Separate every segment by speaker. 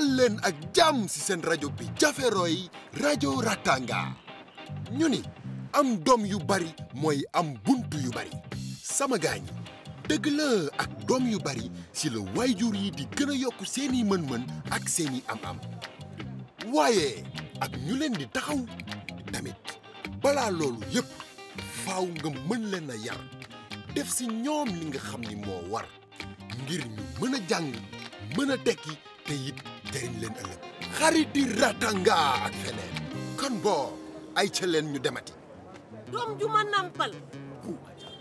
Speaker 1: leen ak jàmm ci seen rajo bi jaferooy rajo Ratanga ñu ni am doom yu bari mooy am bunt yu bari sama gaañ dëgg la ak doom yu bari ci la jur yi di gën a yokk seeni mën-mën ak seeni am-am waaye ak ñu leen di taxaw tamit balaa loolu yépp faaw nga mën leen a yar def ci ñoom li nga xam ni moo war ngir ñu mën a jàng mën a tekki te it jëriñ leen ëllëg xarit di ratanga ak feneen kon boo ay ca leen ñu demati
Speaker 2: doom ju ma nàmpal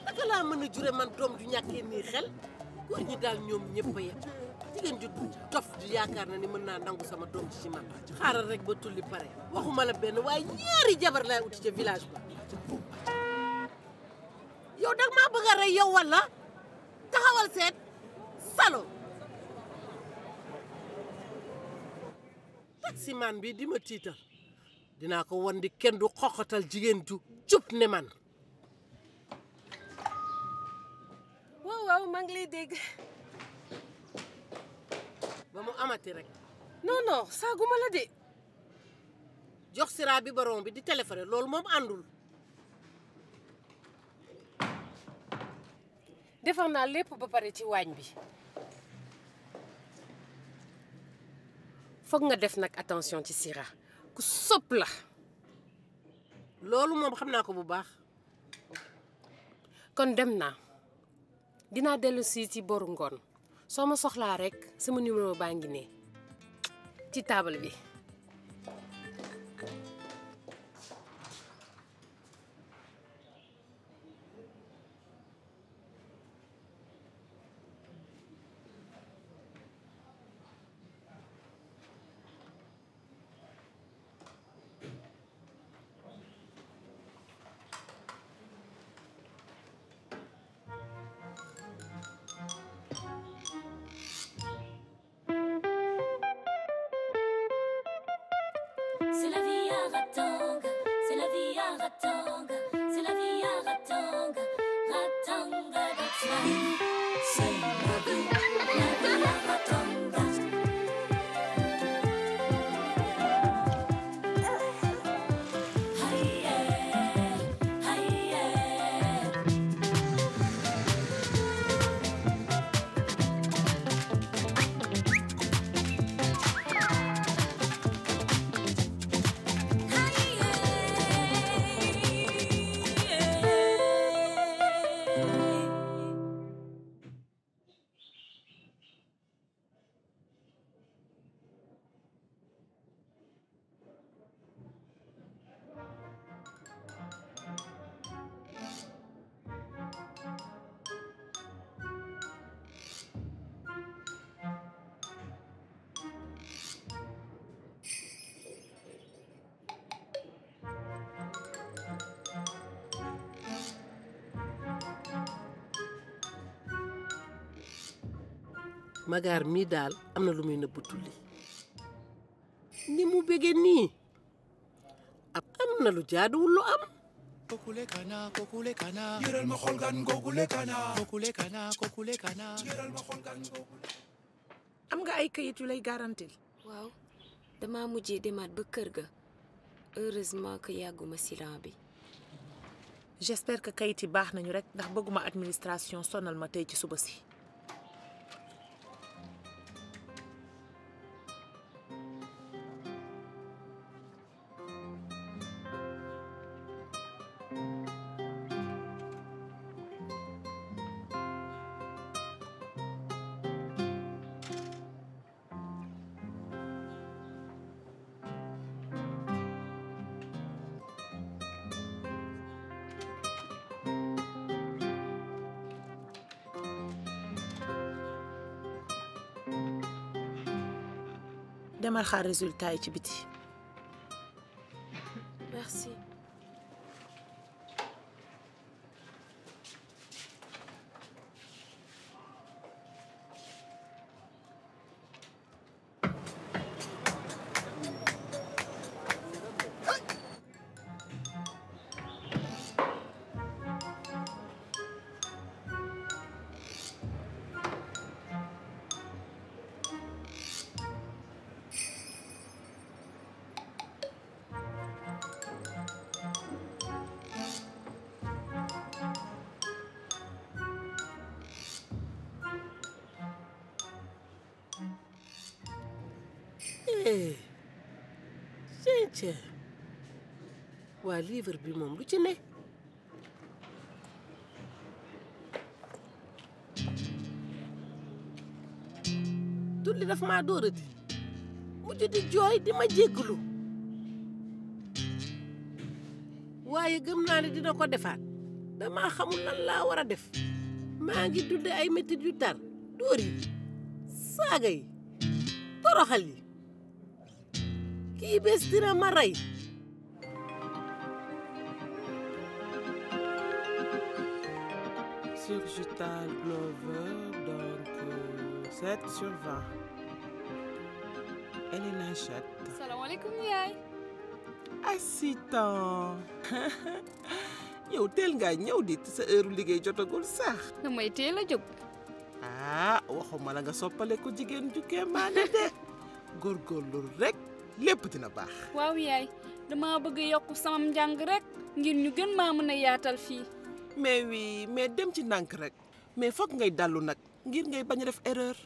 Speaker 2: naka laa mën a jure man doom ju ñàkkee nii xel góor ñi daal ñoom ñëpp a yem jigéen ju dof di yaakaar na ni mën naa nangu sama doom ci ci man xaaral rek ba tulli pare waxuma la benn waaye ñaari jabar laay uti ca village ba yow dag maa bëgg a rey yow walla taxawal seet salo taxi man bi di ma tiital dinaa ko wan di kenn du xoxatal jigéen ju jub ne man waaw waaw maa ngi dégg ba mu amati rek non non saaguma la de jox sira bi baron bi di téléphoné loolu moom àndul defar naa lépp ba pare ci waañ bi foog nga def nag attention ci Sira ku sopp la loolu moom xam naa ko bu baax kon dem naa dinaa dellu si ci boru ngoon soo ma soxlaa rekk sama numéro baa ngi ne ci taabal bi magar mii daal am na lu muy nëbb ni mu bége nii am na lu jaaduwul am kokule kana
Speaker 1: kana yëral ma kana kokule kana
Speaker 3: nga ay kayit yu lay garantil waaw dama mujjee demaat ba kër ga heureusement que yàgguma silan bi j'espère que kayit yi baax nañu rek ndax bëgguma administration
Speaker 2: sonal ma tey ci suba si mergar rezultat için biti. cee waa livre bi moom lu ci ne tulli daf maa dóorati mujj di jooy di ma jégglu waaye gëm naa ne dina ko defaat damaa xamul lan laa war a def maa ngi dunde ay mettit yu tar dóor saaga yi toroxal yi kii bés dina ma rey Surgital
Speaker 1: Glover, donc euh, 7 Elena Chatte.
Speaker 4: Salam alaikum, yaay.
Speaker 1: Assitan. yow teel ngaa ñëw di sa heure liggéey jotagul sax.
Speaker 4: damay teel a jóg.
Speaker 1: Ah, waxuma la nga soppale ko jigéen ju
Speaker 4: kéemaane de
Speaker 1: góorgóorlu rek. lépp dina baax.
Speaker 4: waaw yaay dama bëgg yokk sama njàng rek ngir ñu gën maa mën a yaatal fii.
Speaker 1: mais oui mais dem ci ndànk rek mais foog ngay dallu nag ngir ngay bañ a def erreur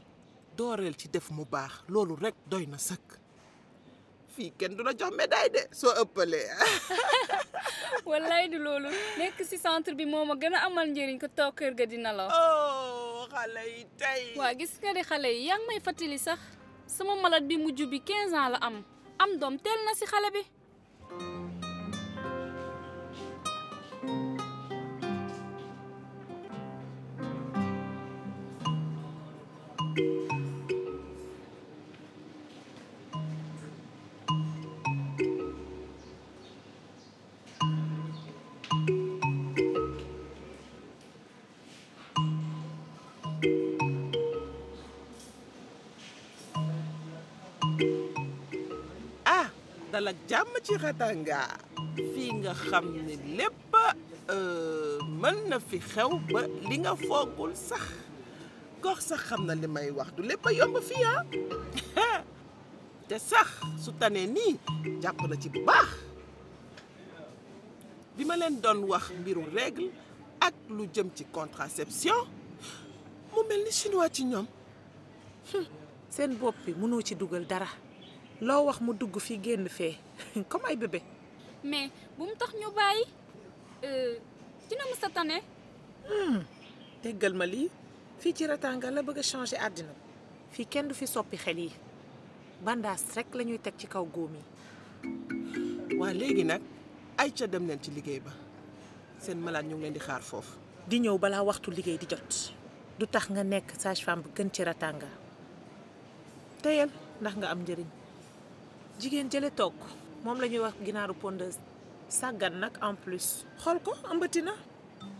Speaker 1: dooreel ci def mu baax loolu rek doy na sëkk fii kenn du la jox médaille de soo ëppalee.
Speaker 4: wallaay du loolu nekk ci centre bi moo ma gën a amal njëriñ ko toog kër ga dina la. oh xale yi tey. waa gis nga di xale yi yaa ngi may fàttali sax sama malat bi mujj bi 15 ans la am. am doom teel na si xale bi
Speaker 1: dalal jàmm ci Ratanga fii nga xam ne lépp euh, mën na fi xew ba li nga foogul sax gox sax xam na li may wax du lépp a yomb fii ah te sax su tanee nii jàpp na ci bu baax bi ma leen doon wax mbiru règle ak lu jëm ci contraception
Speaker 2: mu mel ni chinois ci ñoom seen bopp bi mënoo ci dugal dara loo wax mu dugg fi génn fee comme ay bébé.
Speaker 4: mais bu mu tax ñu bàyyi euh, dina mës a tane. Hmm. déggal
Speaker 2: ma li fii ci ratanga la bëgg a àddina fii kenn du fi soppi xel yi bandaas rekk la ñuy teg ci kaw góom yi.
Speaker 1: waa léegi nag ay
Speaker 2: ca dem leen ci liggéey ba seen malaat ñu leen di xaar foofu. di ñëw balaa waxtu liggéey di jot du tax nga nekk sage-femme bu gën ci ratanga teyal ndax nga am njëriñ. jigéen jële toog moom la ñuy wax ginaaru pond sàggan nag en plus xool ko ëmbati na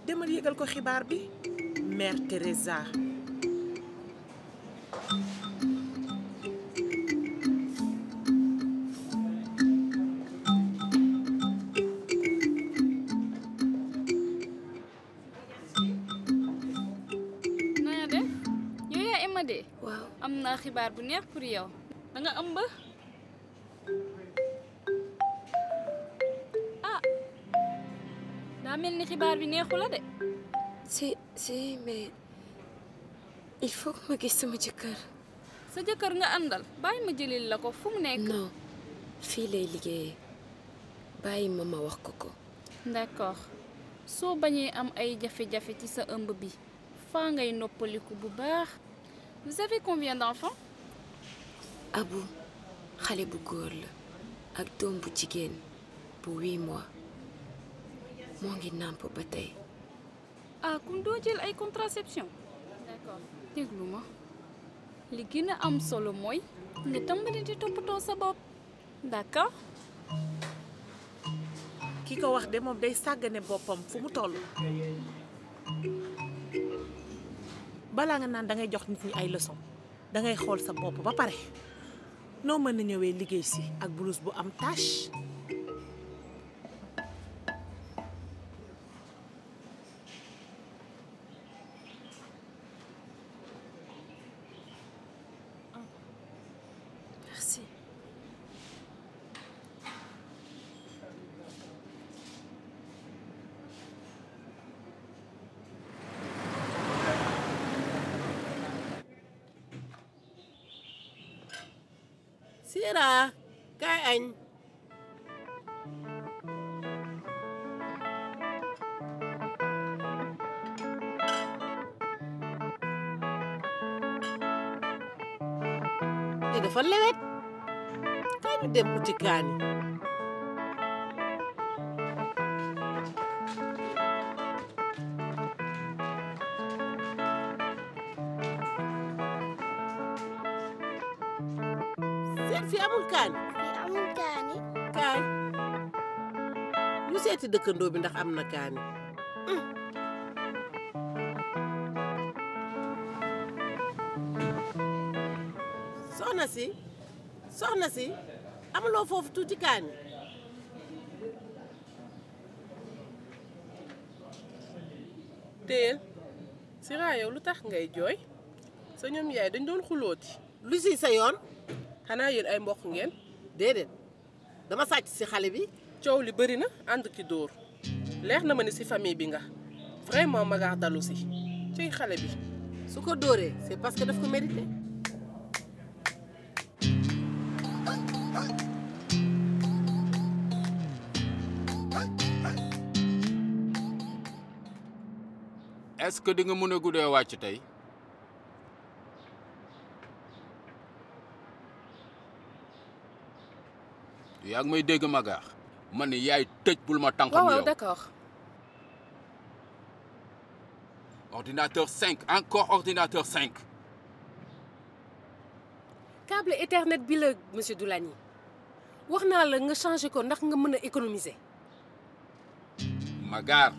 Speaker 2: demal yëgal ko xibaar bi mère Teresa
Speaker 4: na nga def de waaw am naa xibaar bu neex pour yow da nga mel ni xibaar bi neexu la de. si si mais il faut ma gis sama jëkkër. sa jëkkër nga àndal bàyyi ma jëlil la ko fu mu nekk. non fii lay liggéeyee bàyyi ma ma wax ko ko. d'accord soo bañee am ay jafe-jafe ci sa ëmb bi faa ngay noppaliku bu baax. vous avez combien d'enfants?
Speaker 3: Abou xale bu góor la ak doom bu jigéen bu huit mois. moo ngi nàmp ba tey.
Speaker 4: ah kon doo jël ay contraception. déglu ma li gën a am solo mooy nga tàmbali di toppatoo sa bopp d'accord.
Speaker 2: ki ko wax de moom day sàggane boppam fu mu toll. balaa nga naan da ngay jox nit ñi ay leçon dangay xool sa bopp ba pare noo mën na ñëwee liggéey si ak blouse bu am tache. Sira kaay añ te dafa lewet kaay ñu dem uti kaani laajte dëkkandoo bi ndax am na kaani soxna si soxna si amuloo foofu tuuti kaani téyel Sira yow lu tax ngay jooy sa ñoom yaay dañ doon xulooti lu si sa yoon xanaa yéen ay mboq ngeen déedéet dama sàcc si xale bi coow li bari na ànd ki dóor leer na ma ni si famille bi nga vraiment ma ngaa dalu si ciy xale bi su ko dóoree c'est parce que daf ko mérité
Speaker 5: est-ce que di nga mën a guddee wàcc tey yaa ngi may dégg magaax ma ne yaay tëj bul ma tànk yow waaw ordinateur 5 encore ordinateur 5
Speaker 2: câble Ethernet bi la monsieur Doulani wax naa la nga changé ko ndax nga mën a économiser
Speaker 5: Magar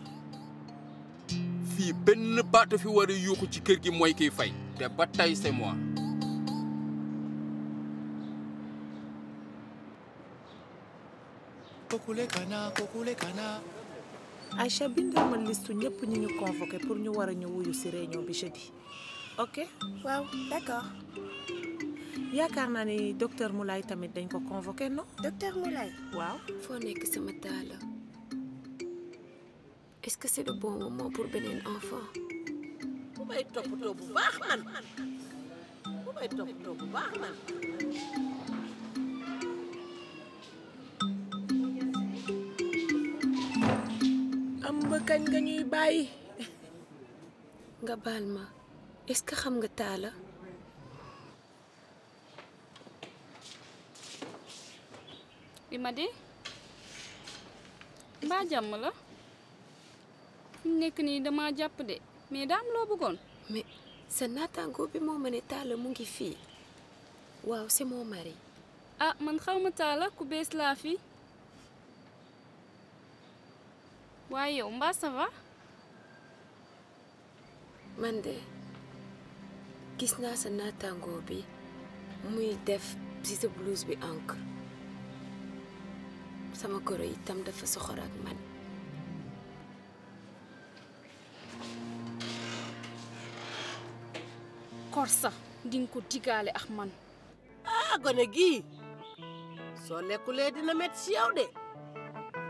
Speaker 5: fii benn baatu fi war a yuuxu ci kër gi mooy kiy fay te ba tey c'est
Speaker 2: Aïcha bindal ma listu ñëpp ñu ñu convoqué pour ñu war a ñu wuyu ci réunion bi jeudi ok waaw d'accord yaakaar naa ni
Speaker 3: docteur Moulay tamit dañ ko convoqué non docteur Moulay waaw foo nekk sama taala est-ce que c'est pour beneen enfant kañ nga ñuy bàyyi nga baal ma est-ce xam nga taala
Speaker 4: li ma di mbaa jàmm la mu nekk nii dama jàpp de mais daam loo bëggoon
Speaker 3: mais sa naataango bi moo ne taala mu ngi fii waaw c'est mon mari
Speaker 4: ah man xaw ma taala ku bees laa fii waaye yow mbaa ça va. man
Speaker 3: de gis naa sa naataangoo bi muy def ci sa blouse bi encre sama goro itam dafa soxor ak man.
Speaker 4: korsa dinga ko digaale ak man. ah gone
Speaker 2: gii soo lekkulee dina metti ci yow de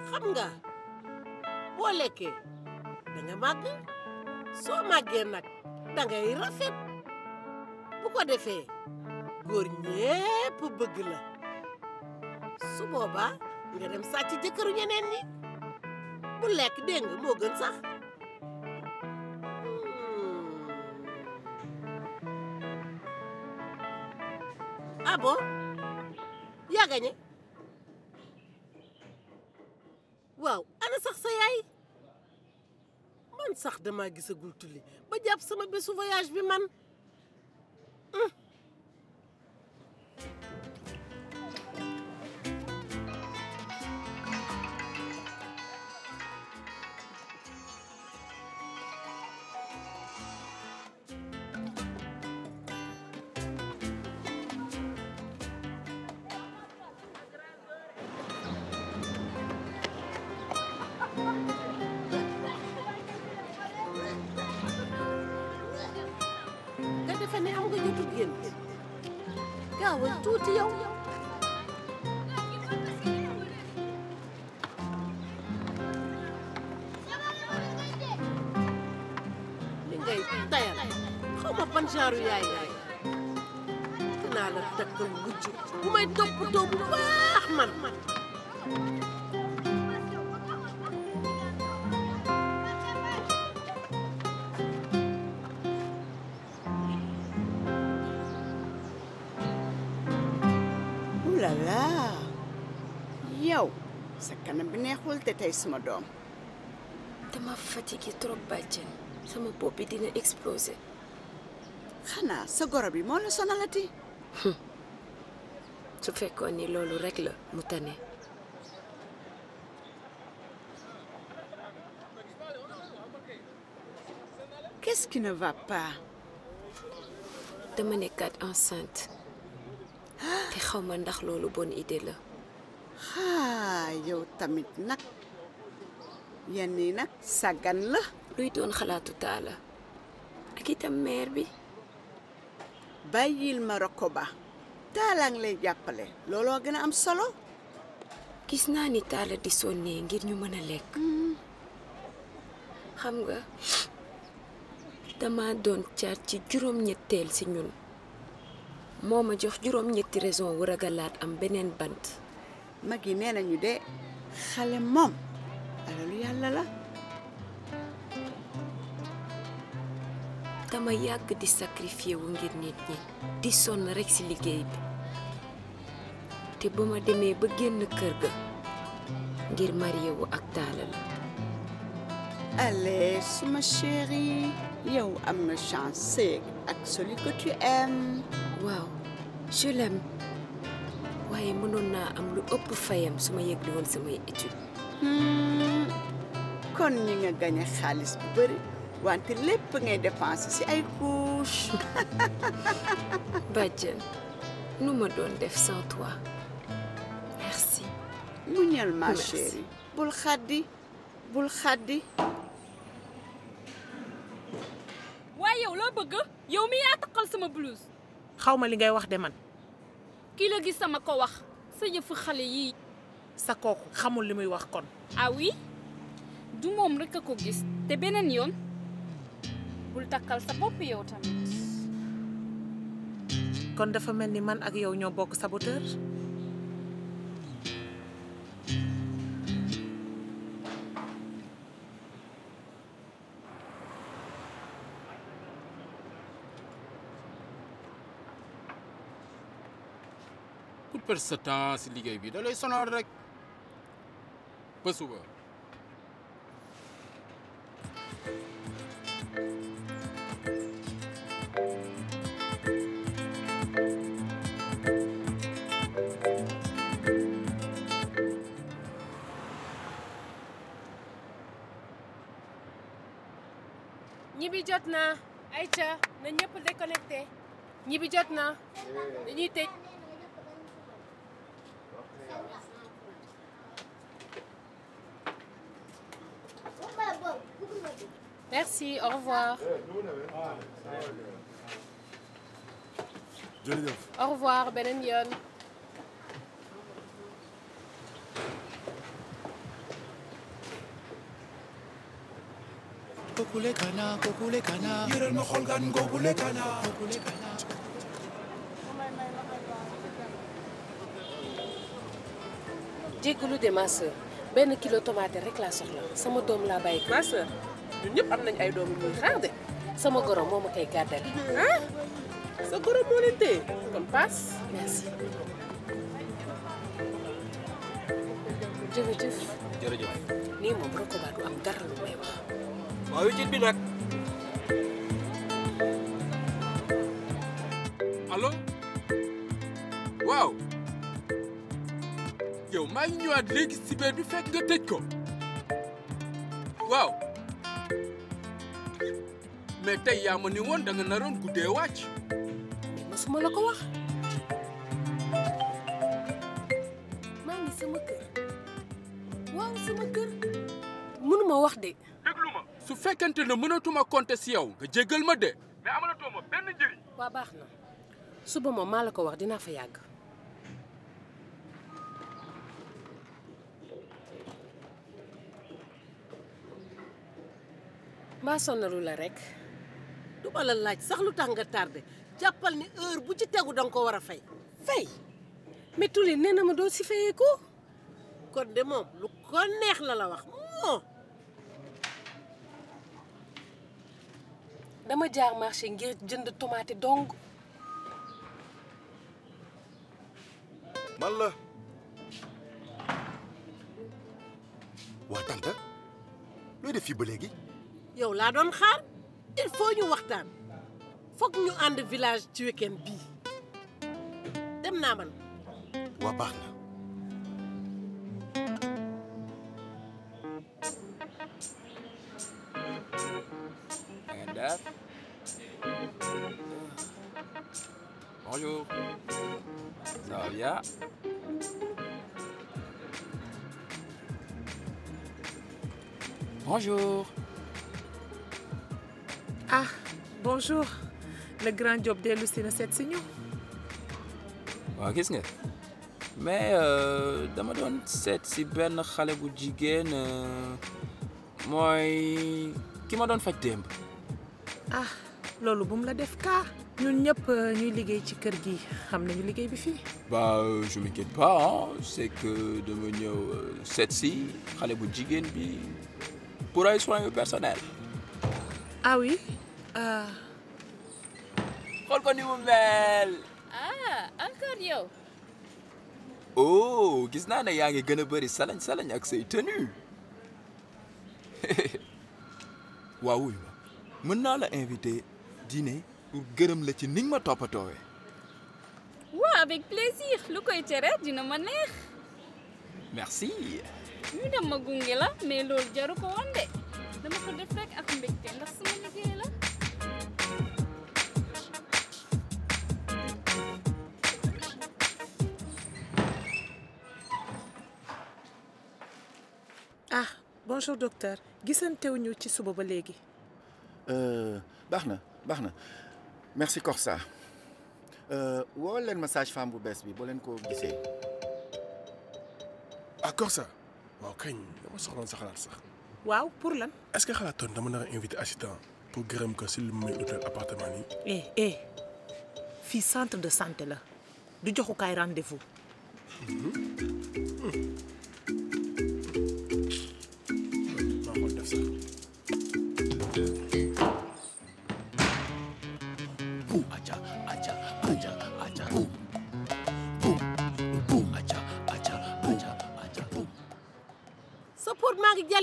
Speaker 2: xam nga. boo lekkee da nga màgg soo màggee nag da ngay rafet bu ko defee góor ñépp bëgg la su nga dem sàcc jëkkëru ñeneen ñi bu lekk dégg nga moo gën sax hmm. ah sax damaa gisagul tulli ba jàpp sama bésu voyage bi man gént gaawal tuuti yow li ngay tayal xaw ma ban genre yaay yaay dinaa la takkal wujj bu may toppatoo bu baax man
Speaker 3: anam bi neexul te tey suma doom dama fatigué sama bopp bi dina explosé xanaa sa goro bi moo la su fekkoon ni loolu rek la mu tane qu'est-ce qui ne va pas enceinte te xaw ma ndax loolu bon idée la xaa yow tamit nag yenn yi nag saggan la luy doon xalaatu taala ak itam meer bi bàyyil ma roko ba taala lay jàppale looloo gën a am solo gis naa ni taala di sonnee ngir ñu mën a lekk mm-hmm. xam nga dama doon caat ci juróom ñetteel si ñun moo ma jox juróom ñetti raison wu ragalaat am beneen bant mag yi nee nañu de xale moom alalu yàlla la dama yàgg di sacrifié ngir nit ñi di sonn rekk ci liggéey bi te ba ma demee ba génn kër ga ngir marié ak taala la allez suma chérie yow am na chance ak celui tu aimes waaw je waaye mënoon naa am lu ëpp fayam su ma yëgle woon samay étude hmm. kon ñi nga gañe xaalis bu bëri wante lépp ngay dépense ci ay couche bàjjen nu ma doon def sans toi merci muñal ma bul xaddi bul xaddi
Speaker 4: waaye yow loo bëgg yow mi yaa taqal sama blouse
Speaker 2: xaw li ngay wax de man
Speaker 4: kii gis sama ko wax sa yëfu xale yii. sa kooku xamul li muy wax kon. ah oui du moom rek a ko gis te beneen yoon bul takkal sa bopp yow tamit.
Speaker 2: kon dafa mel ni man ak yow ñoo bokk saboteur.
Speaker 5: perdre sa temps si liggéey bi da lay sonal rek ba suba.
Speaker 4: ñibi jot na Aïcha
Speaker 2: na ñëpp déconnecté ñibi jot na dañuy tëj. merci au revoir. jërëjëf. au revoir beneen yoon.
Speaker 1: kokule kana kokule kana. yéeral ma xool gan kokule kana.
Speaker 2: kokule kana. jéggalu de ma sœur benn kilo tomate rek laa soxla sama doom laa bàyyi. ma sœur. ñun ñëpp am nañ ay doom yu ñuy xaar de sama goro moo ma koy gàddal ah sa goro moo leen téye kon paas merci. jërëjëf. jërëjëf. nii moom Rokoba du am dara lu may wax. waaw yu jit bi nag. allo. waaw.
Speaker 5: yow maa ko. mais tey yaa ma ni woon da naroon guddee wàcc.
Speaker 2: mais mosuma la ko wax. maa ngi sama kër. waaw sama kër. mënuma wax de.
Speaker 5: su fekkente ne mënatuma compter si yow nga jégal ma de.
Speaker 2: mais amalatoo ma benn njëriñ. waa baax na suba moom maa la ko wax dinaa fa yàgg. mbaa sonalu duma laaj sax lu tax nga tardé jàppal ni heure bu ci tegu danga ko war a fay. fay mais Tulli na ma doo si fayee ko. kon de moom lu ko neex la la wax moo. dama jaar marché ngir jënd tomate dong.
Speaker 1: man la.
Speaker 5: waa tante looy def fii ba léegi.
Speaker 2: yow laa doon xaar. il faut ñu waxtaan foog ñu ànd village ci weekend bii dem naa man
Speaker 1: waa baax na
Speaker 5: Bonjour.
Speaker 2: bonjour le grand Diop dellu si na seet si ñu.
Speaker 5: waaw gis nga mais euh, dama doon seet si benn xale bu jigéen euh, mooy ki ma doon faj démb.
Speaker 2: ah loolu bu mu la def kaa ñun ñëpp euh, ñuy liggéey ci kër gi xam nañu liggéey bi fii.
Speaker 5: bah je m'inquiète pas ah c'est que dama ñëw seet si xale bu jigéen bi pour ay soins personnels. ah oui. xool ko ni mu
Speaker 4: ah encore yow.
Speaker 5: oh gis naa ne yaa ngi gën a bëri salañ salañ ak say waaw wuy ma mën naa la invité dîner pour gërëm la ci niñ ma toppatoowee.
Speaker 4: waaw avec plaisir lu koy tere dina ma neex. merci. ñu dem ma gunge la mais loolu jaru ko woon dama ko def rek ak mbégte ndax sama liggéey la.
Speaker 2: bonjour docteur ñu ci suba ba léegi.
Speaker 5: Euh, baax na baax na merci Corsa euh, woo leen ma sage bu bees bi boo leen ko gisee.
Speaker 1: ah Corsa waaw kañ dama soxloon sa xalaat sax.
Speaker 2: waaw pour lan.
Speaker 1: est-ce que xalaatoon dama nar a invité assistant pour gërëm ko si lu muy hôtel appartement
Speaker 2: yi. Eh, eh. fii centre de santé la du joxukaay rendez-vous. Mhm. Hmm.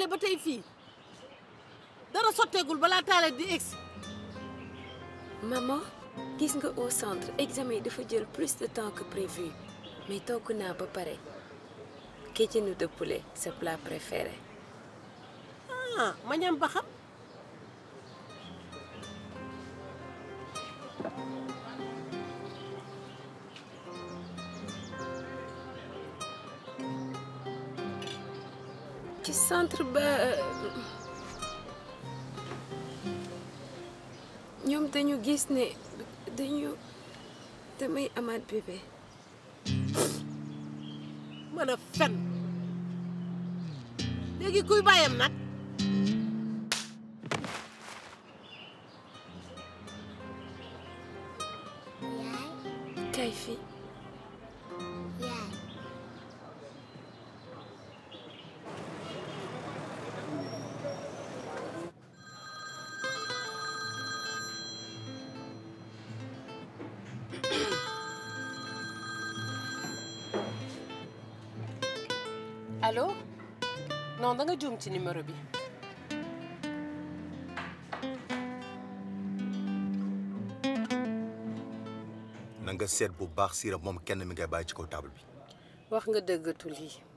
Speaker 2: taale ba
Speaker 3: tey fii dara sotteegul balaa taale di gis nga au centre examen yi dafa jël plus de temps que prévu mais togg naa ba pare kéjenu de poulet sa plat préféré ah ba xam centre ba ñoom dañu gis ne dañu damay amaat bébé mën a fen léegi kuy bàyyam nag
Speaker 2: non nga juum ci numéro bi.
Speaker 5: na nga seet bu baax Sira moom kenn mi ngay bàyyi ko taabal bi.
Speaker 2: wax nga dëggatul yi